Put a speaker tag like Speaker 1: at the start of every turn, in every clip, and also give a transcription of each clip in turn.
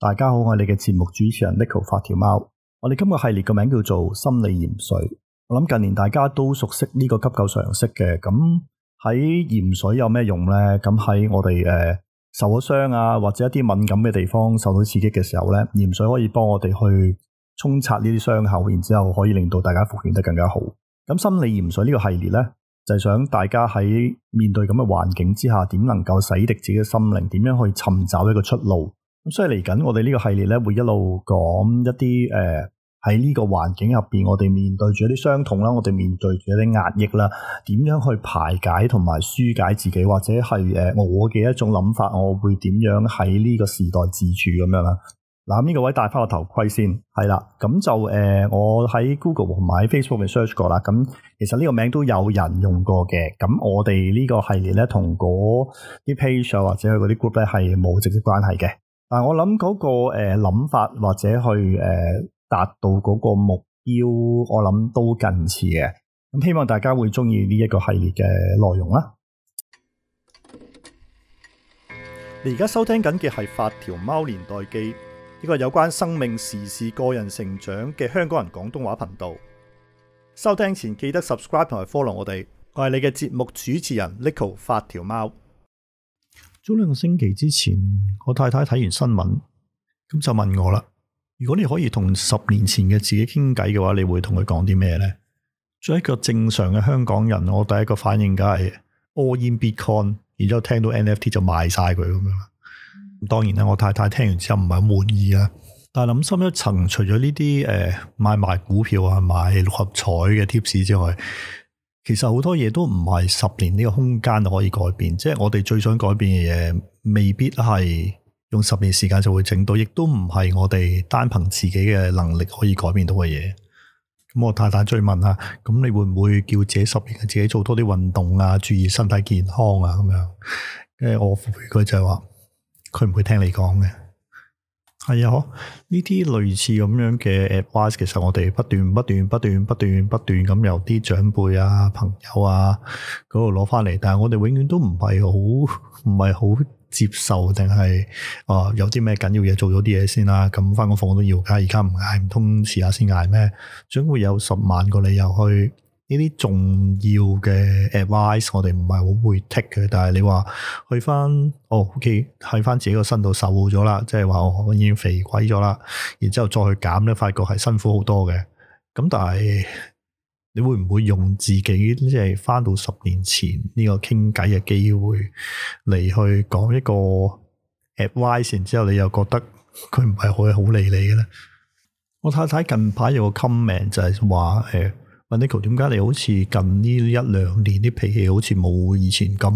Speaker 1: 大家好，我係你嘅節目主持人 Neko 發條貓。我哋今個系列嘅名叫做心理鹽水。我諗近年大家都熟悉呢個急救常識嘅。咁喺鹽水有咩用呢？咁喺我哋誒、呃、受咗傷啊，或者一啲敏感嘅地方受到刺激嘅時候呢，鹽水可以幫我哋去沖刷呢啲傷口，然之後可以令到大家復原得更加好。咁心理鹽水呢個系列呢，就係、是、想大家喺面對咁嘅環境之下，點能夠洗滌自己嘅心靈？點樣去尋找一個出路？咁所以嚟緊，我哋呢個系列咧，會一路講一啲誒喺呢個環境入邊，我哋面對住一啲傷痛啦，我哋面對住一啲壓抑啦，點樣去排解同埋舒解自己，或者係誒、呃、我嘅一種諗法，我會點樣喺呢個時代自處咁樣啦。嗱、啊，呢個位戴翻個頭盔先，係啦，咁就誒、呃、我喺 Google 同埋 Facebook 度 search 過啦。咁其實呢個名都有人用過嘅。咁我哋呢個系列咧，同嗰啲 page、啊、或者佢嗰啲 group 咧係冇直接關係嘅。但、啊、我諗嗰、那個誒諗、呃、法或者去誒達、呃、到嗰個目標，我諗都近似嘅。咁希望大家會中意呢一個系列嘅內容啦。你而家收聽緊嘅係《發條貓年代記》，呢個有關生命時事、個人成長嘅香港人廣東話頻道。收聽前記得 subscribe 同埋 follow 我哋。我係你嘅節目主持人 Neko 發條貓。早兩個星期之前，我太太睇完新聞，咁就問我啦：如果你可以同十年前嘅自己傾偈嘅話，你會同佢講啲咩呢？」作為一個正常嘅香港人，我第一個反應梗係 all in Bitcoin，然之後聽到 NFT 就賣晒佢咁樣。當然啦，我太太聽完之後唔係好滿意啊。但係諗深一層除，除咗呢啲誒買賣股票啊、買六合彩嘅貼士之外，其實好多嘢都唔係十年呢個空間可以改變，即係我哋最想改變嘅嘢，未必係用十年時間就會整到，亦都唔係我哋單憑自己嘅能力可以改變到嘅嘢。咁我太太追問下，咁你會唔會叫自己十年自己做多啲運動啊，注意身體健康啊咁樣？誒，我回佢就係話，佢唔會聽你講嘅。係啊，呢啲、哎、類似咁樣嘅 advice，其實我哋不斷不斷不斷不斷不斷咁由啲長輩啊、朋友啊嗰度攞翻嚟，但係我哋永遠都唔係好唔係好接受，定係啊有啲咩緊要嘢做咗啲嘢先啦、啊，咁翻個房都要噶，而家唔嗌唔通試下先嗌咩？總會有十萬個理由去。呢啲重要嘅 advice，我哋唔係好會 take 嘅。但係你話去翻，哦，oh，OK，去翻自己個身度瘦咗啦，即係話我已經肥鬼咗啦。然之後再去減咧，發覺係辛苦好多嘅。咁但係你會唔會用自己即係翻到十年前呢個傾偈嘅機會嚟去講一個 advice？然之後你又覺得佢唔係可以好理你嘅咧？我太太近排有個 comment 就係話誒、哎問 Nico，點解你好似近呢一兩年啲脾氣好似冇以前咁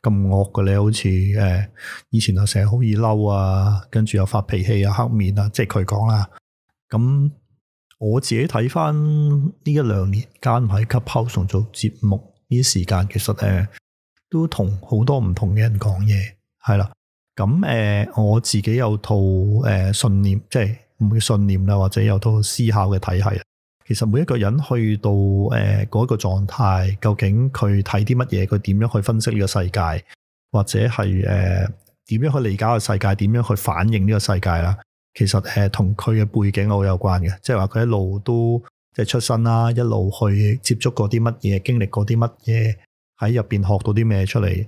Speaker 1: 咁惡嘅咧？你好似誒、呃，以前啊成日好易嬲啊，跟住又發脾氣啊，黑面啊，即係佢講啦。咁我自己睇翻呢一兩年間，間喺及拋崇做節目，呢啲時間其實誒、呃，都同好多唔同嘅人講嘢，係啦。咁誒、呃，我自己有套誒、呃、信念，即係唔叫信念啊，或者有套思考嘅體系。其實每一個人去到誒嗰一個狀態，究竟佢睇啲乜嘢，佢點樣去分析呢個世界，或者係誒點樣去理解個世界，點樣去反映呢個世界啦？其實誒同佢嘅背景好有關嘅，即係話佢一路都即係、即係、出身啦，一路去接觸過啲乜嘢，經歷過啲乜嘢，喺入邊學到啲咩出嚟？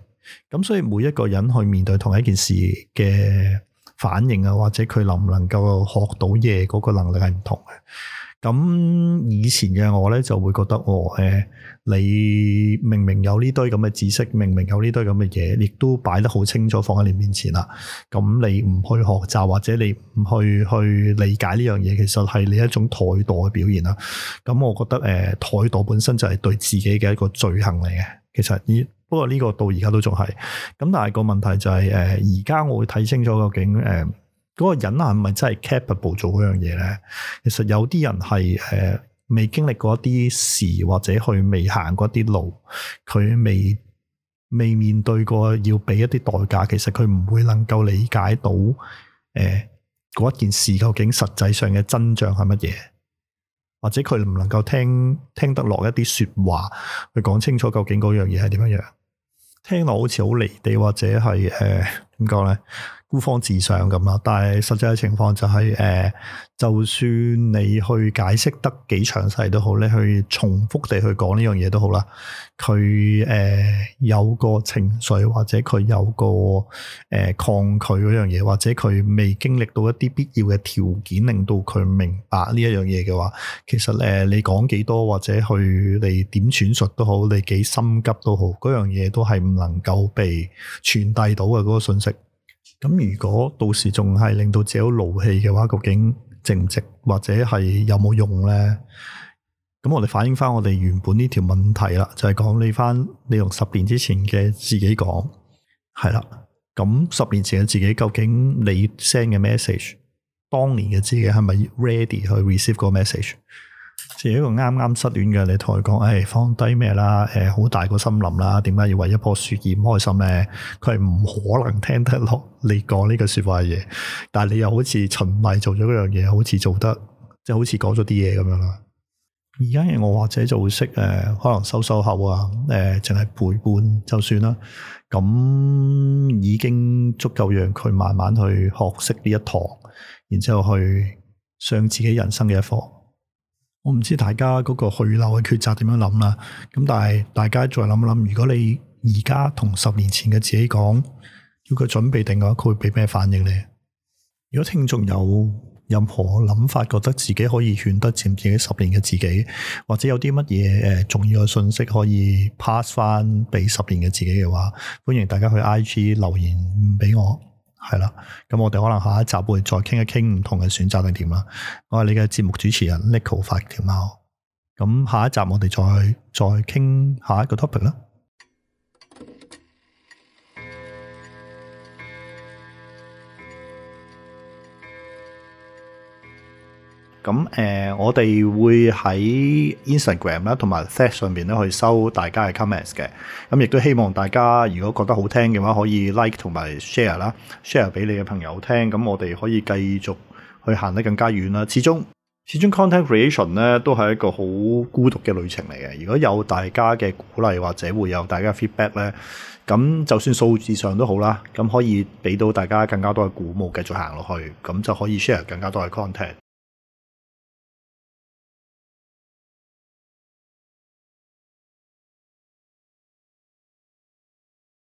Speaker 1: 咁所以每一個人去面對同一件事嘅反應啊，或者佢能唔能夠學到嘢嗰個能力係唔同嘅。咁以前嘅我咧就會覺得，哦，誒，你明明有呢堆咁嘅知識，明明有呢堆咁嘅嘢，亦都擺得好清楚放喺你面前啦。咁你唔去學習，或者你唔去去理解呢樣嘢，其實係你一種怠惰嘅表現啦。咁我覺得，誒、呃，怠惰本身就係對自己嘅一個罪行嚟嘅。其實，呢不過呢個到而家都仲係。咁但係個問題就係、是，誒、呃，而家我會睇清楚究竟，誒、呃，嗰個人啊，係咪真係 capable 做嗰樣嘢咧？其實有啲人係誒未經歷過一啲事，或者去未行過一啲路，佢未未面對過要俾一啲代價，其實佢唔會能夠理解到誒嗰一件事究竟實際上嘅真相係乜嘢，或者佢唔能夠聽聽得落一啲説話去講清楚究竟嗰樣嘢係點樣樣，聽落好似好離地，或者係誒點講咧？呃孤芳自賞咁啦，但係實際嘅情況就係、是、誒、呃，就算你去解釋得幾詳細都好咧，你去重複地去講呢樣嘢都好啦。佢誒、呃、有個情緒或者佢有個誒抗拒嗰樣嘢，或者佢、呃、未經歷到一啲必要嘅條件，令到佢明白呢一樣嘢嘅話，其實誒、呃、你講幾多或者去你點闡述都好，你幾心急都好，嗰樣嘢都係唔能夠被傳遞到嘅嗰、那個信息。咁如果到時仲係令到自己好勞氣嘅話，究竟值唔值，或者係有冇用咧？咁我哋反映翻我哋原本呢條問題啦，就係、是、講你翻你用十年之前嘅自己講，係啦，咁十年前嘅自己究竟你 send 嘅 message，當年嘅自己係咪 ready 去 receive 個 message？即係一個啱啱失戀嘅，你同佢講，誒、哎，放低咩啦，誒、呃，好大個森林啦，點解要為一棵樹而唔開心咧？佢係唔可能聽得落你講呢個說句話嘅嘢。但係你又好似循邁做咗嗰樣嘢，好似做得即係、就是、好似講咗啲嘢咁樣啦。而家嘅我或者就會識誒，可能收收口啊，誒、呃，淨係陪伴就算啦。咁已經足夠讓佢慢慢去學識呢一堂，然之後去上自己人生嘅一課。我唔知大家嗰個去留嘅抉擇點樣諗啦，咁但係大家再諗諗，如果你而家同十年前嘅自己講，要佢準備定嘅話，佢會畀咩反應咧？如果聽眾有任何諗法，覺得自己可以勸得掂自己十年嘅自己，或者有啲乜嘢重要嘅信息，可以 pass 翻畀十年嘅自己嘅話，歡迎大家去 IG 留言畀我。係啦，咁我哋可能下一集會再傾一傾唔同嘅選擇定點啦。我係你嘅節目主持人 Neko 發條貓，咁下一集我哋再再傾下一個 topic 啦。咁誒、呃，我哋會喺 Instagram 啦，同埋 Facebook 上面咧，去收大家嘅 comments 嘅。咁亦都希望大家如果覺得好聽嘅話，可以 like 同埋 share 啦，share 俾你嘅朋友聽。咁我哋可以繼續去行得更加遠啦。始終始終 content creation 咧都係一個好孤獨嘅旅程嚟嘅。如果有大家嘅鼓勵或者會有大家 feedback 咧，咁就算數字上都好啦，咁可以俾到大家更加多嘅鼓舞，繼續行落去，咁就可以 share 更加多嘅 content。